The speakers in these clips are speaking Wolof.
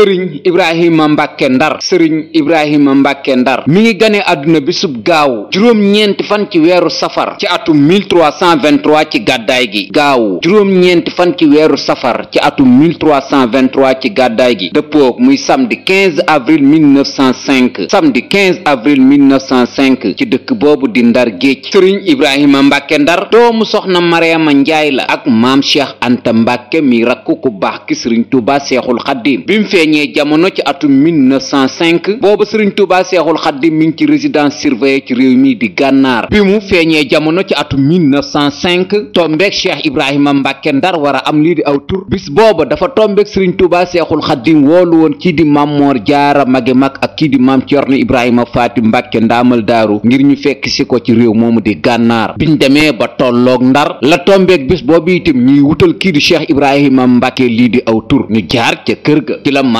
sëriñ ibrahima mbàkke ndar sëriñ ibrahima mbàkke ndar mi ngi gane àdduna bi sub gaaw ñeenti fan ci weeru safar ci atum 1323 ci gàddaay gi gaawu juróom-ñeenti fan ci weeru safar ci atum 1323 ci gàddaay gi dëppook muy samedi 15 avril 1905 samedi 15 avril 1905 ci dëkk boobu di ndar géej sëriñ ibrahima mbàkke ndar doomu soxna mariama njaay la ak maam cheikh anta mbàkke mi rakk ku baax ki sëriñ seexul xaddim bi mu feeñ feeñee jamono ci atum 1905 booba sëriñ Touba Seexul Xaddim mi ngi ci résidence surveillée ci réew mi di gànnaar bi mu feeñee jamono ci atum 1905 tombeek Cheikh Ibrahima Mbàkke Ndar war a am lii di aw tur bis booba dafa tombeek sëriñ Touba Seexul Xaddim woolu woon kii di Maam Moor Jaara magi mag ak kii di Maam Cerno Ibrahima Faati Mbàkke ndaamal daaru ngir ñu fekk ko ci réew moomu di gànnaar biñ ba tolloog ndar la tombeek bis boobu itam ñuy wutal kii di Cheikh Ibrahima Mbàkke lii di aw tur ñu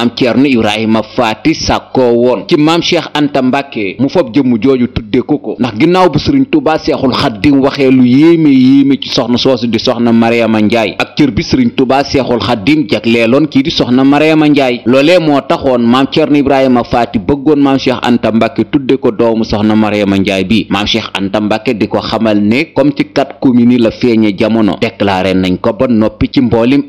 maam Ceerno Ibrahima Faati sàkkoo woon ci maam Cheikh Anta mu fob jëmm jooju tudde ko ko ndax ginnaaw bu Sëriñ Tuubaa Seexul Xaddim waxee lu yéeme yéeme ci soxna soosu di soxna Mariama Njaay ak cër bi Sëriñ Tuubaa Seexul Xaddim leeloon kii di soxna Mariama Njaay loole moo taxoon maam Ceerno Ibrahima Faati bëggoon maam Cheikh Anta tudde ko doomu soxna Mariama Njaay bi maam Cheikh Anta Mbàkke di ko xamal ne comme ci kat commune la feeñe jamono déclaré nañ ko ba ci mboolim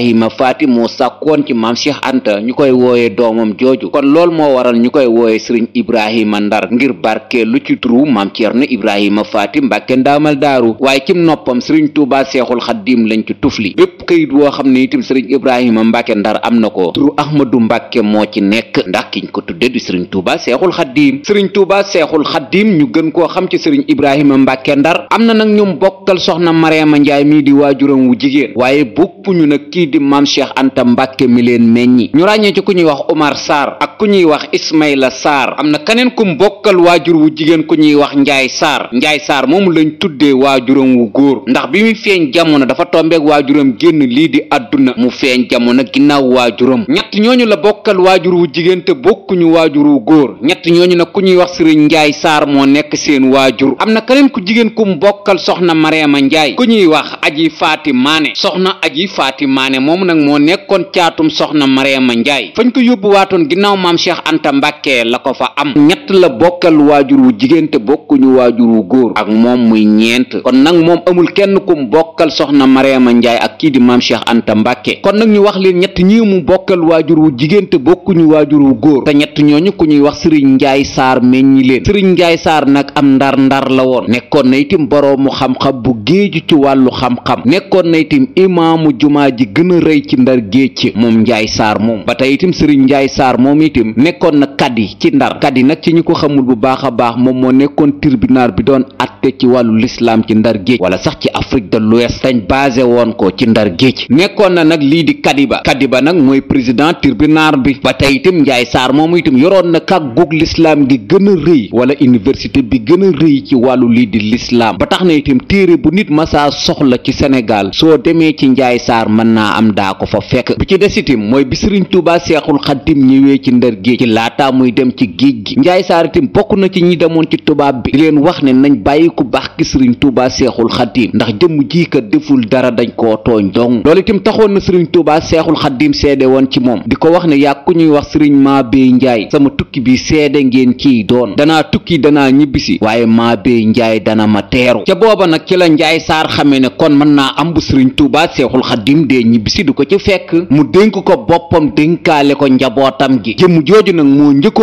Ibrahima Faati moo sàkkoon ci maam Cheikh Anta ñu koy wooyee jooju kon loolu moo waral ñu koy wooyee sëriñ Ibrahima Ndar ngir barke lu ci turu maam Ceerno Ibrahima Faati Mbàkke ndaamal daaru waaye cim noppam sëriñ Tuubaa Seexul Xaddiim lañ ci tufli bépp këyit woo xam ne itam sëriñ Ibrahima Mbàkke Ndar am na ko turu Ahmadu Mbàkke moo ci nekk ndax kiñ ko tudde di sëriñ Tuubaa Seexul Xaddiim sëriñ Tuubaa Seexul Xaddiim ñu gën koo xam ci sëriñ Ibrahima Mbàkke Ndar am na nag ñum bokkal soxna Mariama Njaay mii di waajuram wu jigéen waaye bokkuñu nag kii di maam cheikh anta mbàkke mi leen meññi ñu ràññee ci ku ñuy wax omar sarr ak ku ñuy wax ismaïla sarr am na kaneen ku mbokkal waajur wu jigéen ku ñuy wax njaay sarr njaay sarr moomu lañ tuddee waajuram wu góor ndax bi muy feeñ jamono dafa tombeeg waajuram génn lii di àdduna mu feeñ jamono ginnaaw waajuram ñett ñooñu la bokkal waajur wu jigéen bokkuñu waajur góor ñett ñooñu nag ku ñuy wax sëriñ njaay sarr moo nekk seen waajur am na kaneen ku jigéen ku mbokkal soxna mariama njaay ku ñuy wax aji faati soxna aji faati moomu nag moo nekkoon caatum soxna Mariama Njaay fañ ko yóbbu waatoon ginnaaw maam Cheikh Anta Mbàkke la ko fa am ñett la bokkal waajur wu jigéen te bokkuñu waajur wu góor ak moom muy ñeent kon nag moom amul kenn ku kum bokkal soxna Mariama Njaay ak kii di maam Cheikh Anta Mbàkke kon nag ñu wax leen ñett ñi mu bokkal waajur wu jigéen te bokkuñu waajur wu góor te ñett ñooñu ku ñuy wax Sëriñ Njaay Saar meññi leen Sëriñ Njaay Saar nag am ndar ndar la woon nekkoon na itim boroomu xam-xam bu géeju ci wàllu xam gën a rëy ci ndar géej moom njaay saar moom ba tey itam sëriñ njaay saar moom itam nekkoon na kadi ci ndar kadi nag ci ñu ko xamul bu baax a baax moom moo nekkoon tribunal bi doon at acte ci wàllu lislaam ci ndar géej wala sax ci afrique de l'ouest sañ basé woon ko ci ndar géej nekkoon na nag lii di kadiba kadiba nag mooy président tribunal bi ba tey itam njaay saar moomu itam yoroon na kàggug lislaam gi gën a rëy wala université bi gën a rëy ci wàllu lii di lislaam ba tax na itam téere bu nit masaa soxla ci sénégal soo demee ci njaay saar mën naa am daa ko fa fekk bi ci des itam mooy bi sëriñ tuubaa seexul xaddim ñëwee ci ndar géej ci laata muy dem ci géej gi njaay saar itam bokk na ci ñi ci tubaab bi yi ku baax ki sëriñ tuuba seexul xaddiim ndax jëmm ji kat deful dara dañ koo tooñ dong lool itam taxoon na sëriñ tuuba seexul xaddiim seede woon ci moom di ko wax ne yaa ku ñuy wax sëriñ maa bey njaay sama tukki bi seede ngeen ciy doon danaa tukki danaa ñibbisi waaye maa bey njaay dana ma teeru ca booba nag ci la njaay saar xamee ne kon mën naa am bu sëriñ tuuba seexul xaddiim dee ñibbisi du ko ci fekk mu dénk ko boppam dénkaale ko njabootam gi jëmm jooju nag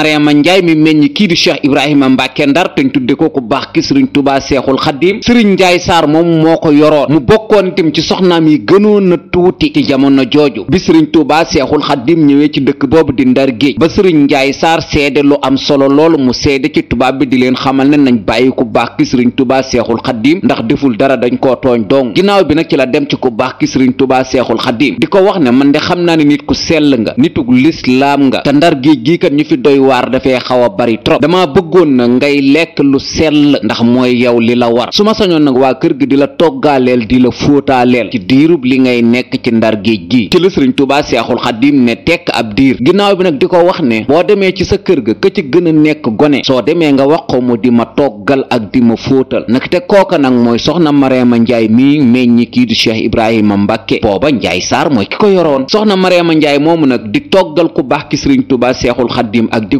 Mariama Njaay mi meññ kii di Cheikh Ibrahima Mbàkke Ndar te ñu tudde ko ku baax ki Sëriñ Tuubaa Seexul Xadiim Sëriñ Njaay Saar moom moo ko yoroon mu bokkoon itam ci soxnaam yi gënoon na tuuti ci jamono jooju bi Sëriñ Tuubaa Seexul Xadiim ñëwee ci dëkk boobu di Ndar Géej ba Sëriñ Njaay Saar seede lu am solo loolu mu seede ci tubaab bi di leen xamal ne nañ bàyyi ku baax ki Sëriñ Tuubaa Seexul Xadiim ndax deful dara dañ koo tooñ dong ginnaaw bi nag ci la dem ci ku baax ki Sëriñ Tuubaa Seexul Xadiim di ko wax ne man de xam naa ne nit ku sell nga nitug lislaam nga te Ndar Géej gi kat ñu fi doy waar dafee xaw a bari trop dama bëggoon na ngay lekk lu sell ndax mooy yow li la war su ma sañoon nag waa kër gi di la toggaaleel di la fóotaaleel ci diirub li ngay nekk ci ndar géej gi ci la sëriñ Tuubaa Seexul Xadiim ne tekk ab diir ginnaaw bi nag di ko wax ne boo demee ci sa kër ga ka ci gën a nekk gone soo demee nga wax ko mu di ma toggal ak di ma fóotal nag te kooka nag mooy soxna Mariama Njaay mii meññi kii di Cheikh Ibrahima Mbàkke booba Njaay Saar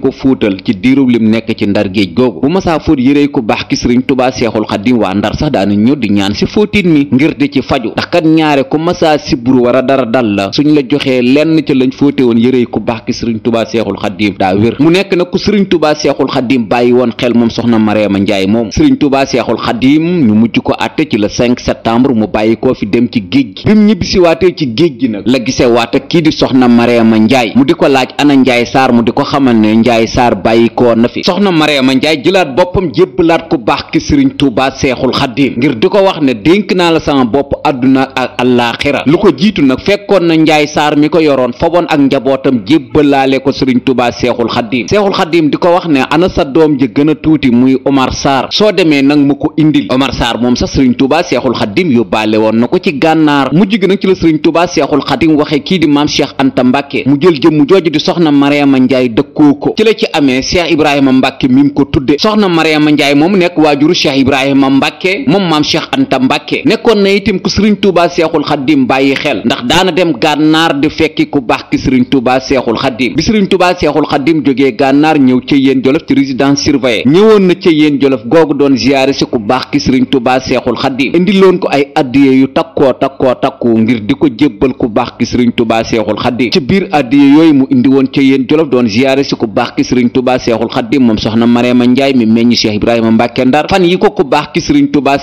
ko fóotal ci diirub lim nekk ci ndar géej googu bu masaa fóot yërey ku baax ki sëriñ tubaa seexul xadim waa ndar sax daana ñëw di ñaan si fóotin mi ngir di ci faju ndax kat ñaare ku masaa sibru wara dara dal la suñ la joxee lenn ca lañ fóote woon yërey ku baax ki sëriñ tubaa seexul xadim daa wér mu nekk nag ku sëriñ tubaa seexul xadim bàyyi woon xel moom soxna mareema njaay moom sëriñ tubaa seexul xadim ñu mujj ko àtte ci koo fi dem ci géej gi bi mu ñibbisiwaatee ci géej gi nag la gisewaate di soxna mareema njaay mu di ko laaj ana njaay saar mu di njaay saar bàyyi ko na fi soxna mariama njaay jëlaat boppam jébbalaat ku baax ki sëriñ tuubaa seexul xaddiim ngir di ko wax ne dénk naa la sama bopp àdduna ak allaaxira lu ko jiitu nag fekkoon na njaay saar mi ko yoroon foboon ak njabootam jébbalaale ko sëriñ tuubaa seexul xaddiim seexul xaddiim di ko wax ne ana sa doom ji gën a tuuti muy omar saar soo demee nag mu ko indil omar saar moom sa sëriñ tuubaa seexul xaddiim yóbbaale woon na ko ci gànnaar mujj gi nag ci mu jël ci la ci amee cheikh ibrahima mbàkke mim ko tudde soxna mariama njaay moom nekk waajuru cheikh ibrahima mbàkke moom maam cheikh anta mbàkke nekkoon na itim ku sëriñ tuuba seexul xaddim bàyyi xel ndax daana dem gànnaar di fekki ku baax ki sëriñ tuuba seexul xaddim bi sëriñ tubaa seexul xaddim jógee gànnaar ñëw ci yéen jolof ci résidence surveillée ñëwoon na ci yéen jolof googu doon ziyaare si ku baax ki sëriñ tuuba seexul xaddim indiloon ko ay addiye yu takkoo takkoo takku ngir di ko jébbal ku baax ki sëriñ tuuba seexul xaddim ci biir addiye yooyu mu indi woon ci yéen jolof doon ziyaare ku baax baax ki sëriñ tubaa seexul xaddim moom soxna Marema Njaay mi meññi Cheikh Ibrahima Mbàkke Ndar fan yi ko ku baax ki sëriñ tubaa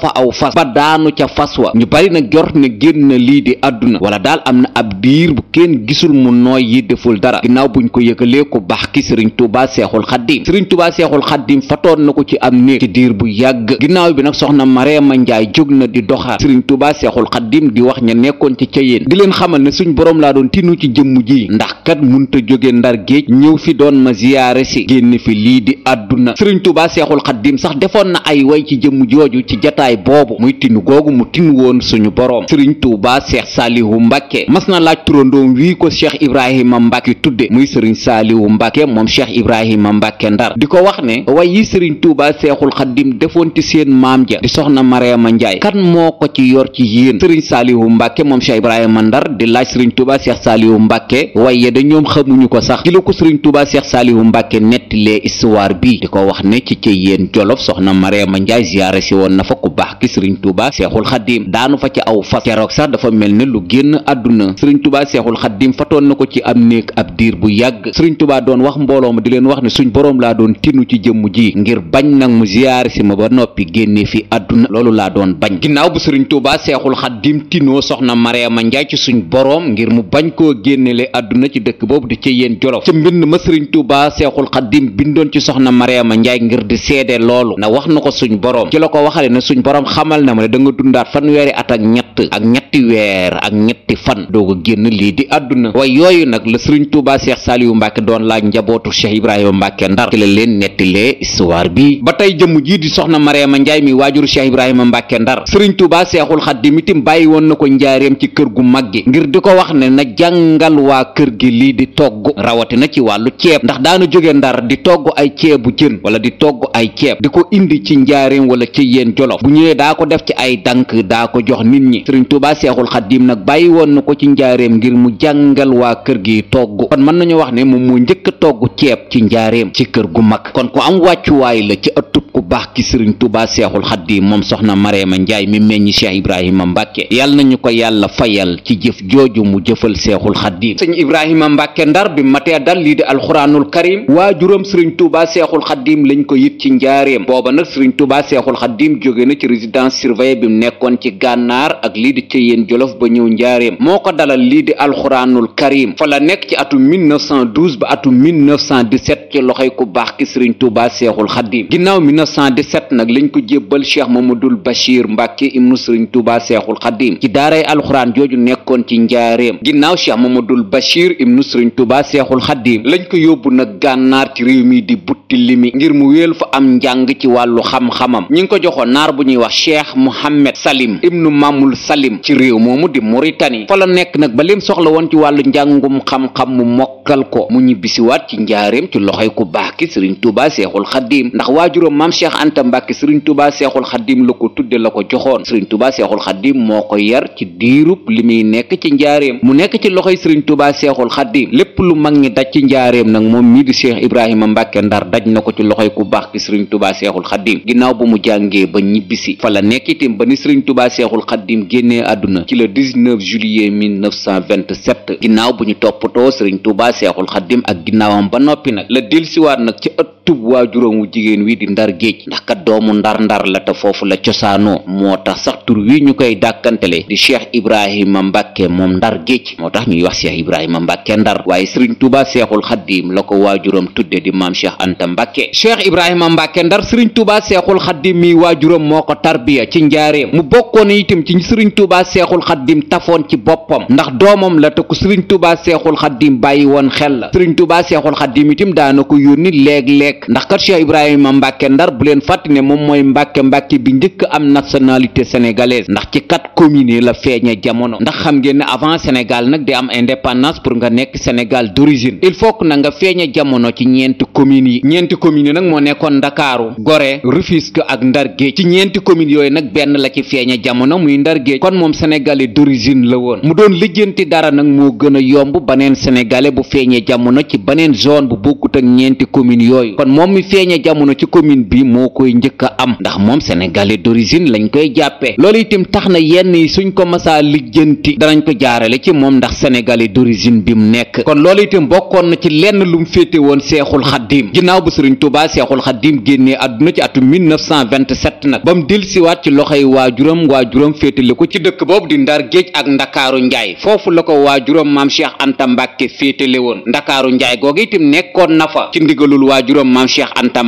fa aw ba daanu ca fas wa na lii di àdduna wala daal am na ab diir bu kenn gisul mu nooy yi deful dara ginnaaw buñ ko yëgalee ku baax ki sëriñ tubaa seexul xaddim sëriñ tubaa seexul xaddim fatoon na ko ci am néeg ci diir bu yàgg ginnaaw bi nag soxna Marema Njaay jóg na di doxaat sëriñ tubaa seexul xaddim di wax ña nekkoon ci ca di leen xamal ne suñ boroom laa doon tinu génnu ci jëmm ji ndax kat munta jóge ndar géej ñëw fi doon ma ziyaare si génn fi lii di àdduna sëriñ tubaa seexul xaddim sax defoon na ay way ci jëmm jooju ci jataay boobu muy tinu googu mu tin woon suñu boroom sëriñ tuubaa seex saalihu mbàkke mas na laaj turandoom wii ko cheikh ibrahima mbàkke tudde muy sëriñ saalihu mbàkke moom cheikh ibrahima mbàkke ndar di ko wax ne way yi sëriñ tuubaa seexul xaddim defoon ci seen maam ja di soxna mariama njaay kan moo ko ci yor ci yéen sëriñ saalihu mbàkke moom cheikh ibrahima ndar di laaj sëriñ tuubaa seex saalihu saaliwu da ñoom xamuñu ko sax ci la ko sëriñ tuuba seex saaliwu mbàkke nettilee histoire bi di ko wax ne ci cë yéen jolof soxna mariama njaay woon na fa ku baax ki sëriñ tuuba seexul xaddiim daanu fa ci aw fas keroog sax dafa mel ne lu génn àdduna sëriñ tuuba seexul xaddiim fatoon na ko ci am néeg ab diir bu yàgg sëriñ tuuba doon wax mbooloo ma di leen wax ne suñ boroom laa doon tinu ci jëmm ji ngir bañ nag mu ziyaare si ma ba noppi génnee fi àdduna loolu laa doon bañ ginnaaw bu tuuba seexul xaddiim tinoo soxna mariama njaay ci suñ boroom ngir mu bañ ko mënoo génnele àdduna ci dëkk boobu di ci yéen jolof ci mbind ma sëriñ tuuba seexul xaddim bindoon ci soxna mariama njaay ngir di seede loolu na wax na ko suñ boroom ci la ko waxale ne suñ boroom xamal na ma ne da nga dundaat fanweeri at ak ñett ak ñetti weer ak ñetti fan doog a génn lii di àdduna waaye yooyu nag la sëriñ Tuubaa Seex Saaliyu Mbàkke doon laaj njabootu Cheikh Ibrahima Mbàkke Ndar ci la leen nettilee histoire bi ba tey jëmm jii di soxna Mariama Njaay mi waajuru Cheikh Ibrahima Mbàkke Ndar sëriñ Tuubaa Seexul Xadiim itam bàyyi woon na ko njaareem ci kër gu mag gi ngir di ko wax ne na jàngal waa kër gi lii di togg rawatina ci wàllu ceeb ndax daana jóge Ndar di togg ay ceebu jën wala di togg ay ceeb di ko indi ci njaareem wala ci yéen jolof bu ñëwee daa ko def ci ay dank daa ko jox nit ñi seexul xaddiim nag bàyyi woon na ko ci njaareem ngir mu jàngal waa kër gi togg kon mën nañu wax ne moom mu njëkk togg ceeb ci njaareem ci kër gu mag kon ku am wàccuwaay la ci ëttub ku baax ki sëriñ tubaa seexul xaddiim moom soxna mareema njaay mi meññi cheikh ibrahima mbàkke yàlla nañu ko yàlla fayal ci jëf jooju mu jëfal seexul xaddiim sëñ ibrahima mbàkke ndar bi matee dal lii di alxuraanul karim waajuram sëriñ tubaa seexul xaddiim lañ ko yit ci njaareem booba nag sëriñ tubaa seexul xaddiim jóge na ci résidence surveillée bi mu nekkoon ci gànnaar ak lii di cëyeen jolof ba ñëw njaareem moo ko dalal lii di alxuraanul karim fa la nekk ci atum 1912 ba atum 1917 ci loxoy ku baax ki sëriñ tubaa seexul xaddiim ginnaaw 1917 nag lañ ko jébbal cheikh mamadul bachir mbàkke ibnu sëriñ tuuba seexul xadim ci daaray alxuraan jooju nekkoon ci njaareem ginnaaw cheikh mamadul bachir ibnu sëriñ tuuba seexul xadim lañ ko yóbbu nag gànnaar ci réew mi di butti limi ngir mu wéel fa am njàng ci wàllu xam-xamam ñi ngi ko joxoon naar bu ñuy wax cheikh mohammed salim ibnu mamul salim ci réew moomu di muritani fa la nekk nag ba lim soxla woon ci wàllu njàngum xam-xam mu mokkal ko mu ñibbisiwaat ci njaareem ci loxoy ku baax ki sëriñ tuuba seexul xadim ndax cheikh anta mbàkke sëriñ tubaa seexul xaddim la ko tudde la ko joxoon sëriñ tubaa seexul xaddim ci diirub li muy nekk ci njaareem mu nekk ci loxoy sëriñ tubaa seexul xaddim lépp lu mag ñi daj ci njaareem nag moom mii di cheikh ibrahima mbàkke ndar daj na ko ci loxoy ku baax ki sëriñ tubaa seexul xaddim ginnaaw bu mu jàngee ba ñibbisi fa la nekk itam ba ni sëriñ tubaa seexul xaddim génnee àdduna ci le 19 juillet 1927 ginnaaw bu ñu toppatoo sëriñ tubaa seexul xaddim ak ginnaawam ba noppi nag la delsiwaat nag ci ëttub waajuram wu jigéen di ndar géej ndax kat doomu ndar-ndar la te foofu la cosaanoo moo tax sax tur wi ñu koy dàkkantele di cheikh ibrahima mbàkke moom ndar géej moo tax ñuy wax cheikh ibrahima mbàkke ndar waaye sëriñ tuuba seexul xaddiim la ko waajuram tudde di maam cheikh anta mbàkke cheikh ibrahima mbàkke ndar sëriñ tuuba seexul xaddiim mi waajuram moo ko tarbiya ci njaareem mu bokkoon itam ci sëriñ tuuba seexul xaddiim tafoon ci boppam ndax doomam la te ku sëriñ tuuba seexul xaddiim bàyyi woon xel la sëriñ seexul xaddiim itam daana ko yónni léeg-léeg ndax kat cheikh ibrahima mbàkke bu leen fàtte ne moom mooy mbàkke mbàkke bi njëkk am nationalité sénégalaise ndax ci quatre commune yi la feeñe jamono ndax xam ngeen ne avant sénégal nag di am indépendance pour nga nekk sénégal d'origine il faut que na nga feeñe jamono ci ñeenti commune yi ñeenti commune yi nag moo nekkoon ndakaaru Gorée Rufisque ak ndar géej ci ñeenti communes yooyu nag benn la ci feeñe jamono muy ndar kon moom sénégalais d'origine la woon mu doon lijjanti dara nag moo gën a yomb baneen sénégalais bu feeñe jamono ci baneen zone bu bokkut ak ñeenti communes yooyu moo koy njëkk am ndax moom sénégalais d'origine lañ koy jàppee loolu itam tax na yenn yi suñ ko masaa lijjanti danañ ko jaarale ci moom ndax sénégalais d'origine bi mu nekk kon loolu itam bokkoon na ci lenn lu mu féete woon seexul xaddiim ginnaaw bu sëriñ tubaa seexul xaddiim génnee àdduna ci atum 1927 nag ba mu dellusiwaat ci loxoy waajuram waajuram féetale ko ci dëkk boobu di ndar géej ak ndakaaru njaay foofu la ko waajuram maam cheikh anta mbàkke woon ndakaaru njaay googu itam nekkoon na fa ci ndigalul waajuram maam cheikh anta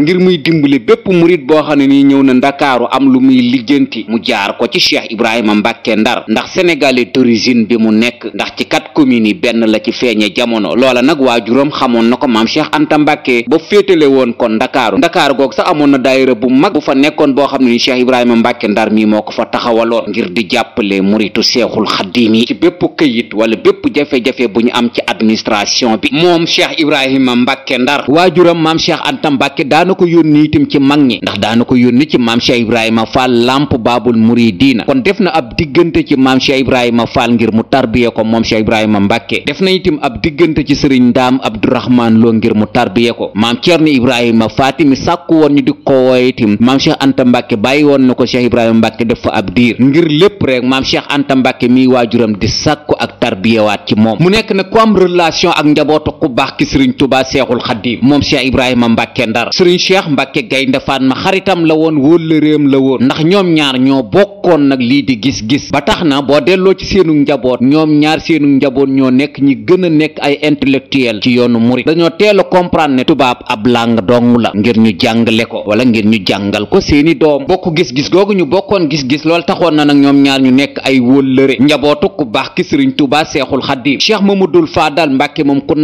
ngir muy dimbali dimbali bépp murit boo xam ne nii ñëw na ndakaaru am lu muy lijjanti mu jaar ko ci cheikh ibrahima mbàkke ndar ndax sénégalais d'origine bi mu nekk ndax ci kat commune yi benn la ci feeñe jamono loola nag waajuram xamoon na ko maam cheikh anta mbàkke ba féetale woon kon ndakaaru ndakaar goog sax amoon na daayira bu mag bu fa nekkoon boo xam ne ni cheikh ibrahima mbàkke ndar mii moo ko fa taxawaloon ngir di jàppale muritu seexul xaddiim yi bépp këyit wala bépp jafe bu ñu am ci administration bi moom cheikh ibrahima mbàkke ndar waajuram maam cheikh anta mbàkke daana ko itam ci mag ñi ndax daana ko yónni ci maam Cheikh Ibrahima Fall lamp baabul muridiina kon def na ab diggante ci maam Cheikh Ibrahima Fall ngir mu tarbiye ko moom Cheikh Ibrahima Mbàkke def na itam ab diggante ci sëriñ ndaam Abdourahman Lo ngir mu tarbiye ko maam Ceerno Ibrahima Faatimi sàkku woon ñu di ko wooye itam maam Cheikh Anta Mbàkke bàyyi woon na ko Cheikh Ibrahima Mbàkke def fa ab diir ngir lépp rek maam Cheikh Anta Mbàkke miy waajuram di sàkku ak tarbiyewaat ci moom mu nekk nag ku am relation ak njabootu ku baax ki sëriñ Tuubaa Seexul Xadiim moom mbàkke gaynde fatma xaritam la woon wóllëreem la woon ndax ñoom ñaar ñoo bokkoon nag lii di gis-gis ba tax na boo delloo ci seenu njaboot ñoom ñaar seenu njaboot ñoo nekk ñi gën a nekk ay intellectuel ci yoonu murit dañoo teel a comprendre ne tubaab ab langue dong la ngir ñu jàngale ko wala ngir ñu jàngal ko seeni doom bokk gis-gis googu ñu bokkoon gis-gis loolu taxoon na nag ñoom ñaar ñu nekk ay wóllëre njabootu ku baax ki sëriñ Tuubaa Seexul Xadiim Cheikh Mamadul Faadal Mbàkke moom ku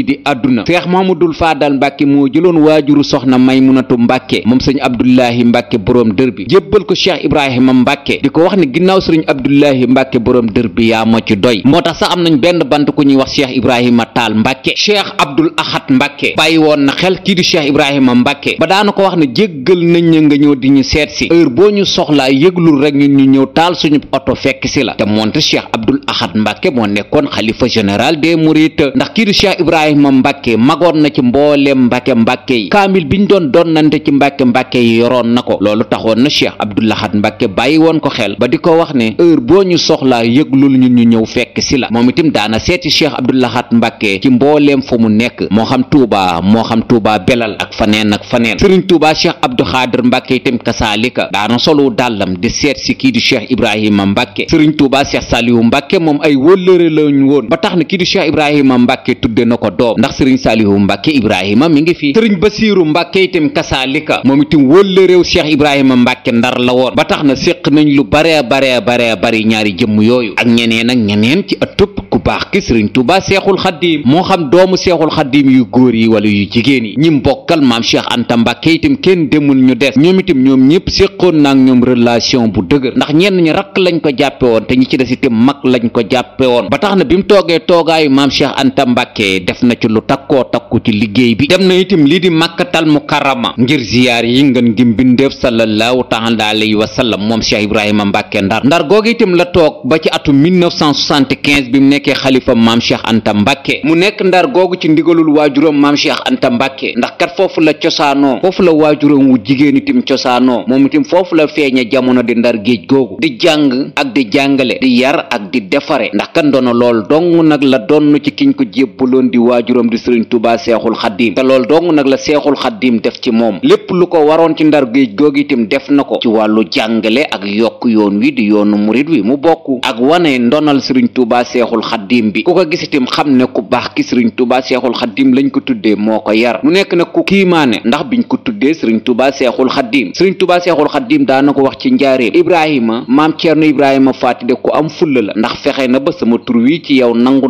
bii di àdduna seex mamadul faadal mbàkke moo jëloon waajuru soxna maymunatu mbàkke moom sëñ abdullahi mbàkke boroom dër bi jébbal ko cheikh ibrahima mbàkke di ko wax ne ginnaaw sëriñ abdullahi mbàkke boroom dër bi yaa ma ci doy moo tax sax am nañ benn bant ku ñuy wax cheikh ibrahima taal mbàkke cheikh abdul ahad mbàkke bàyyi woon na xel kii di cheikh ibrahima mbàkke ba daana ko wax ne jéggal nañ la nga ñëw di ñu seet si heure boo ñu soxlaa yëglul rek ñun ñu ñëw taal suñu oto fekk si la te moonte cheikh abdul ahad mbàkke moo nekkoon Ibrahima Mbàkke magoon na ci mbooleem mbàkke-mbàkke yi kaamil biñ doon donnante ci mbàkke-mbàkke yi yoroon na ko loolu taxoon na Cheikh Abdou Lahad Mbàkke bàyyi woon ko xel ba di ko wax ne heure boo ñu soxla yëglul ñun ñu ñëw fekk si la moom itam daana seeti Cheikh Abdou Lahad Mbàkke ci mbooleem fu mu nekk moo xam Tuubaa moo xam Tuubaa belal ak faneen ak faneen Sëriñ Tuubaa Cheikh Abdou Xaadir Mbàkke itam kasaalika daana solu dàllam di seet si kii di Cheikh Ibrahima Mbàkke Sëriñ Tuubaa Cheikh Saliou Mbàkke moom ay wëllëre lañ woon ba tax na kii di Ibrahima Mbàkke doom ndax sëriñ saalihu mbàkke ibrahima mi ngi fi sëriñ basiiru mbàkke itam kasaalika moom itam wëllëréew cheikh ibrahima mbàkke ndar la woon ba tax na séq nañ lu bare bare bare bari ñaari jëmm yooyu ak ñeneen ak ñeneen ci ëttub ku baax ki sëriñ tuuba seexul xaddiim moo xam doomu seexul xaddiim yu góor yi wala yu jigéen yi ñi mbokkal maam cheikh anta mbàkke itam kenn demul ñu des ñoom itam ñoom ñëpp séqoon naag ñoom relation bu dëgër ndax ñenn ñi rakk lañ ko jàppe woon te ñi ci des lañ ko jàppe na ci lu takkoo takku ci liggéey bi dem na itam lii di màkkatal mukarrama ngir ziyaar yi ngeen gi mbindeef sallallahu taala alayhi wa sallam moom cheikh ibrahima mbàkke ndar ndar googu itam la toog ba ci atu 1975 bi mu nekkee xalifa maam cheikh anta mbàkke mu nekk ndar googu ci ndigalul waajuram maam cheikh anta mbàkke ndax kat foofu la cosaanoo foofu la waajuram wu jigéen itam cosaanoo moom itam foofu la feeña jamono di ndar géej googu di jàng ak di jàngale di yar ak di defare ndax kan doona lool dong nag la donn ci kiñ ko jébbaloon di waa waajuram di sëriñ tubaa seexul xaddiim te lool dong nag la seexul xaddiim def ci moom lépp lu ko waroon ci ndar géej googu itam def na ko ci wàllu jàngale ak yokk yoon wi di yoonu murit wi mu bokk ak wane ndonal sëriñ tubaa seexul xaddiim bi ku ko gis itam xam ne ku baax ki sëriñ tubaa seexul xaddiim lañ ko tuddee moo ko yar mu nekk nag ku kiimaane ndax biñ ko tuddee sëriñ tubaa seexul xaddiim sëriñ tubaa seexul xaddiim daana ko wax ci njaareem ibrahima maam ceerno ibrahima faati de ku am fulla la ndax fexe na ba sama ci yow nangu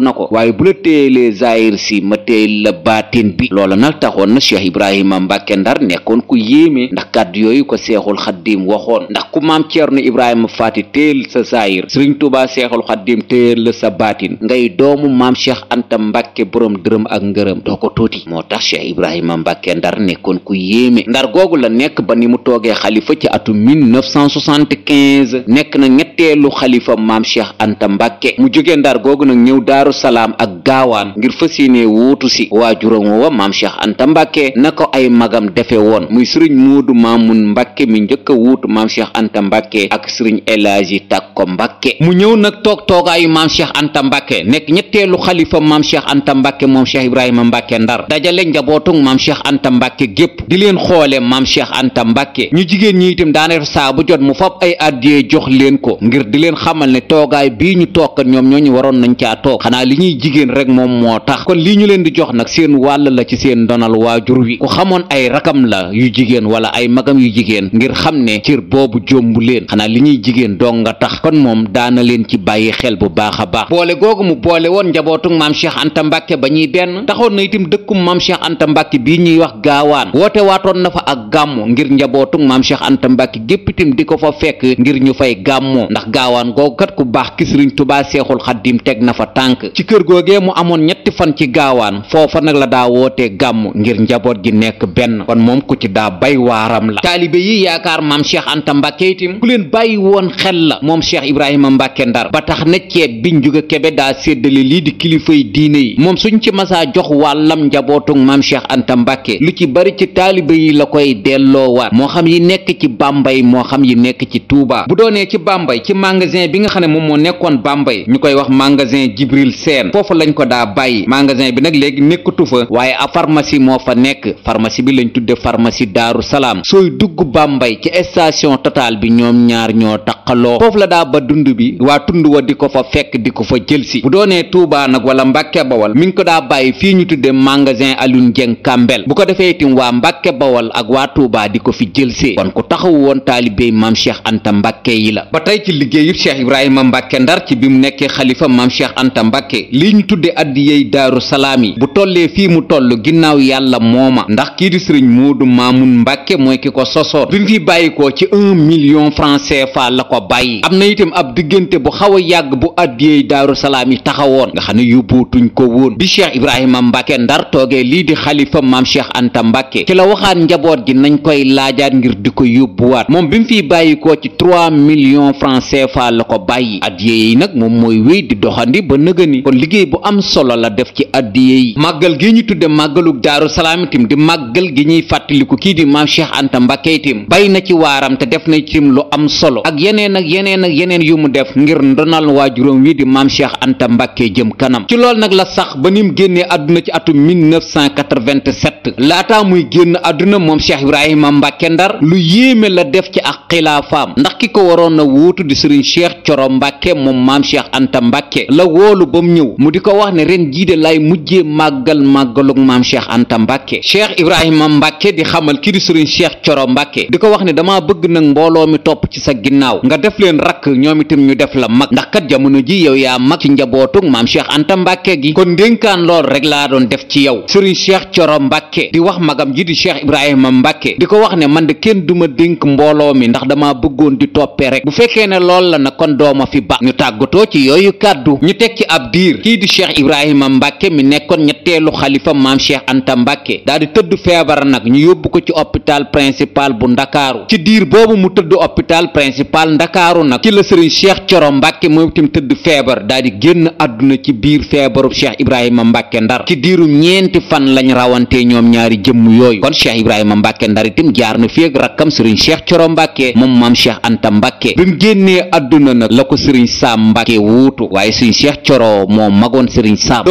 ci mateel la baatin bi loola nag taxoon na cheikh ibrahima mbàkke ndar nekkoon ku yéeme ndax kàddu yooyu ko seexul xaddim waxoon ndax ku maam ceerno ibrahima faati téel sa saayir sëriñ tubaa seexul xaddim téel la sa baatin ngay doomu maam cheikh anta mbàkke borom dërëm ak ngërëm doo ko tuuti moo tax cheikh ibrahima mbàkke ndar nekkoon ku yéeme ndar googu la nekk ba ni mu toogee xalifa ci atum 1975 nekk na ñetteelu xalifa maam cheikh anta mbàkke mu jógee ndar googu nag ñëw daaru salaam ak gaawaan ñëwee wuutu si waajuram wa maam cheikh anta mbàkke na ko ay magam defe woon muy sëriñ muudu maamun mbakke mi njëkk a wootu maam cheikh anta mbàkke ak sëriñ elaaji tàkko mbàkke mu ñëw nag toog toogaayu maam cheikh nekk ñetteelu xalifa maam cheikh anta mbàkke moom cheikh ibrahima mbàkke ndar dajale njabootug maam cheikh anta mbàkke gépp di leen xoole maam cheikh anta mbàkke ñu jigéen ñi itam daana def saa jot mu fab ay addiyee jox leen ko ngir di leen xamal ne toogaay bii ñu toog ñoom ñooñu waroon nañ caa toog lii ñu leen di jox nag seen wàll la ci seen ndonal waajur wi ku xamoon ay rakam la yu jigéen wala ay magam yu jigéen ngir xam ne cër boobu jombu leen xanaa li ñuy jigéen dong nga tax kon moom daana leen ci bàyyi xel bu baax a baax boole googu mu boole woon njabootug maam Cheikh Anta ba ñuy benn taxoon na itam dëkkum maam Cheikh Anta Mbàkke bii ñuy wax gaawaan woote waatoon na fa ak gàmmu ngir njabootug maam Cheikh Anta gépp itam di ko fa fekk ngir ñu fay gàmmoo ndax gaawaan googu kat ku baax ki Sëriñ Tuubaa Seexul Xaddim teg na fa tànk gaawaan foofa nag la daa wootee gàmm ngir njaboot gi nekk benn kon moom ku ci daa bay waaram la taalibe yi yaakaar maam cheikh anta mbàkke itim ku leen bàyyi woon xel la moom cheikh ibrahima mbàkke ndar ba tax na ceeb biñ jóge kebe daa séddale lii di kilifay diine yi moom suñ ci masaa jox wàllam njabootug maam cheikh anta mbàkke lu ci bari ci taalibe yi la koy delloowaat moo xam yi nekk ci bambay moo xam yi nekk ci tuuba bu doonee ci bambay ci magasin bi nga xam ne moom moo nekkoon bambay ñu koy wax magasin jibril pharmacien bi nag léegi nekkatu fa waaye ab pharmacie moo fa nekk pharmacie bi lañ tudde pharmacie daaru salaam sooy dugg bàmbay ci station total bi ñoom ñaar ñoo taqaloo foofu la daa ba dund bi waa tund wa di ko fa fekk di ko fa jëlsi bu doonee Touba nag wala Mbàkke Bawal mi ngi ko daa bàyyi fii ñu tudde magasin Alioune Dieng Kambel bu ko defee itam waa Mbàkke Bawal ak waa Touba di ko fi jëlsee kon ku taxaw woon taalibey maam Cheikh Anta Mbàkke yi la ba tey ci liggéeyu Cheikh Ndar ci bi mu xalifa maam Cheikh Anta salaam bu tollee fii mu toll ginnaaw yàlla mooma ndax kii di sëriñ Moodu Maamun Mbàkke mooy ki ko sosoon bi mu fi bàyyi ci million franc CFA la ko bàyyi am na itam ab diggante bu xaw a yàgg bu addiyey daaru salaam yi taxawoon nga ne yóbbootuñ ko woon bi cheikh ibrahima Mbàkke ndar toogee lii di xalifa maam cheikh anta Mbàkke la waxaat njaboot gi nañ koy laajaat ngir di ko yóbbuwaat moom bi mu fiy bàyyi ko ci trois millions franc CFA la ko bàyyi addiyey nag moom mooy wéy di doxandi ba nëgëni kon liggéey bu am solo la def ci add addiye màggal gi ñu tudde màggaluk daaru salaam itam di màggal gi ñuy fàttaliku kii di maam cheikh anta mbàkke itam bay na ci waaram te def na itam lu am solo ak yeneen ak yeneen ak yeneen yu mu def ngir ndonal juróom wi di maam cheikh anta mbàkke jëm kanam ci lool nag la sax ba nim génnee àdduna ci atum 1987 laataa muy génn àdduna moom cheikh ibrahima mbàkke ndar lu yéeme la def ci ak xilaafaam ndax ki ko waroon na wuutu di sëriñ cheikh coro mbàkke moom maam cheikh anta la woolu bam ñëw mu di ko mujjee màggal màggalug maam cheikh anta mbàkke cheikh ibrahima mbàkke di xamal kii di sëriñ cheikh coro mbàkke di ko wax ne damaa bëgg nag mbooloo mi topp ci sa ginnaaw nga def leen rakk ñoom itam ñu def la mag ndax kat jamono ji yow yaa mag ci njabootug maam cheikh anta mbàkke gi kon ndénkaan lool rek laa doon def ci yow sëriñ cheikh coro mbàkke di wax magam ji di cheikh ibrahima mbàkke di ko wax ne man de kenn duma dénk mbooloo mi ndax dama bëggoon di toppe bu fekkee ne lool la na kon dooma fi ba ñu tàggatoo ci yooyu kàddu ñu teg ci nekkoon ñetteelu xalifa maam cheikh anta mbàkke daal di tëdd feebar nag ñu yóbbu ko ci hôpital principal bu ndakaaru ci diir boobu mu tëdd hôpital principal ndakaaru nag ci la sëriñ cheikh coro mbàkke moom itam tëdd feebar daal di génn àdduna ci biir feebarub cheikh ibrahima mbàkke ndar ci diiru ñeenti fan lañ rawantee ñoom ñaari jëmm yooyu kon cheikh ibrahima mbàkke ndar itam jaar na fi rakkam sëriñ cheikh coro mbàkke moom maam cheikh anta mbàkke bi génnee àdduna nag la ko sëriñ saam mbàkke wuutu waaye sëriñ cheikh coro moo magoon sëriñ saam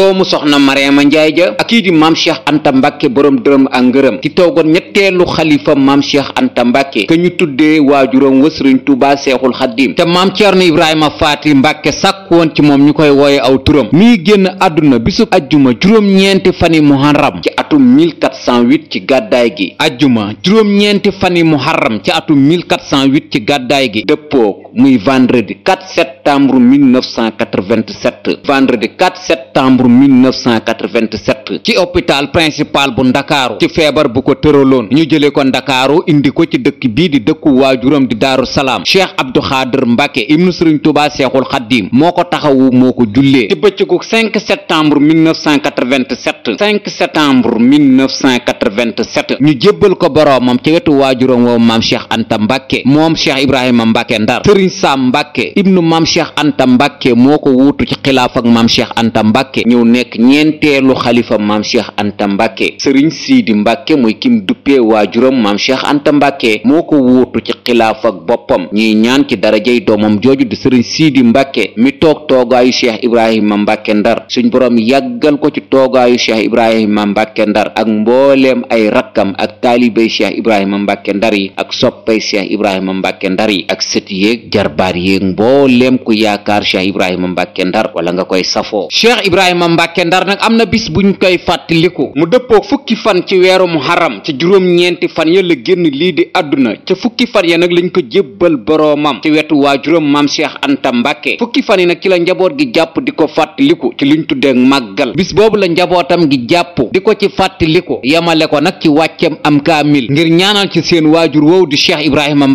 soxna a Njaay ja ak kii di maam Cheikh Anta Mbàkke boroom dërëm ak ngërëm ki toogoon ñetteelu xalifa maam Cheikh Anta Mbàkke ke ñu tuddee waajuram wa Sëriñ Tuubaa Seexul Xaddiim te maam Ceerno Ibrahima Faati Mbàkke sàkk woon ci moom ñu koy wooye aw turam mii génn àdduna bisub ajjuma juróom-ñeenti fani muharram ci atum 1408 ci gàddaay gi ajjuma juróom-ñeenti fani muharram ci atum 1408 ci gàddaay gi dëppook muy vendredi 4 septembre 1987 vendredi 4 septembre 1987 ci hôpital principal bu ndakaaru ci feebar bu ko tëraloon ñu jële ko ndakaaru indi ko ci dëkk bii di dëkku waajuram di daaru salaam cheikh abdou xaadir mbàkke ibnu sëriñ tubaa seexul xaddiim moo ko taxawu moo ko jullee ci bëccëgu 5 septembre 1987 5 septembre 1987 ñu jébbal ko boroomam ci wetu waajuram woowu maam cheikh anta mbàkke moom cheikh ibrahima mbàkke ndar sëriñ saam mbàkke ibnu maam cheikh cheikh anta mbàkke moo ko wuutu ci xilaaf ak maam cheikh anta mbàkke ñëw nekk ñeenteelu xalifa maam cheikh anta mbàkke sëriñ siidi mbakke muy kim duppee waajuram maam cheikh anta mbàkke moo ko wuutu ci xilaaf boppam ñuy ñaan ci darajey doomam jooju di sëriñ siidi mbakke mi toog toogaayu cheikh ibrahima mbàkke ndar suñ boroom yàggal ko ci toogaayu cheikh ibrahima mbàkke ndar ak mbooleem ay rakkam ak taalibey cheikh ibrahima mbàkke ndar yi ak soppay cheikh ibrahima mbàkke ndar yi ak sët yéeg jarbaar yéeg mbooleem ku yaakaar cheikh ibrahima mbàkke ndar wala nga koy safoo cheikh ibrahima mbàkke ndar nag am na bis buñ koy fàttaliku mu dëppoo fukki fan ci weeru muharram ca juróom-ñeenti fan ya la génn lii di àdduna ca fukki fan ya nag lañ ko jébbal boroomam ci wetu waajuram maam cheikh anta mbakke fukki fan yi nag ci la njaboot gi jàpp di ko fàttaliku ci liñ tuddee màggal bis boobu la njabootam gi jàpp di ko ci fàttaliku yamale ko nag ci wàccem am kaamil ngir ñaanal ci seen waajur woowu di cheikh ibrahima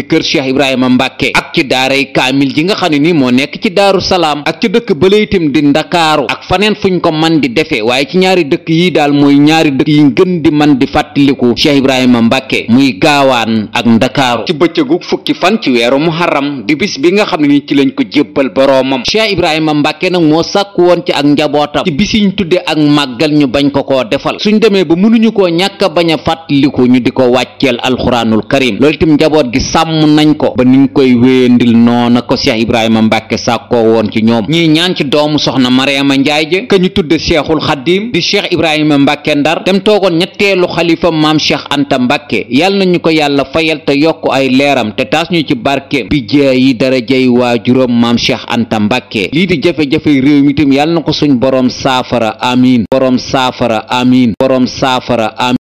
ci kër cheikh ibrahima mbàkke ak ci daaray kaamil ji nga xam ne ni moo nekk ci daaru salaam ak ci dëkk bële itam di ndakaaru ak faneen fuñ ko man di defee waaye ci ñaari dëkk yi daal mooy ñaari dëkk yi gën di man di fàttaliku cheikh ibrahima mbàkke muy gaawaan ak ndakaaru ci bëccëgu fukki fan ci weeru muharram di bis bi nga xam ne ni ci lañ ko jébbal boroomam cheikh ibrahima mbàkke nag moo sàkk woon ci ak njabootam ci bisiñ tuddee ak màggal ñu bañ ko koo defal suñ demee ba mënuñu koo ñàkk bañ a di ko wàcceel alxuraanul sàmm nañ ko ba niñ koy wéyandil noona ko Cheikh Ibrahima Mbacke sàkkoo woon ci ñoom ñii ñaan ci doomu soxna Mariama Njaay je ka ñu tudde Cheikhul Xadim di Cheikh Ibrahima Mbacke Ndar dem toogoon ñetteelu xalifa maam Cheikh Anta Mbacke yal ñu ko yàlla fayal te yokk ay leeram te taas ñu ci barkeem bi jeey yi darajey waajuram maam Cheikh Anta Mbacke lii di jafe-jafe réew mi tam yal na ko suñ boroom saafara amiin boroom saafara amiin boroom saafara amiin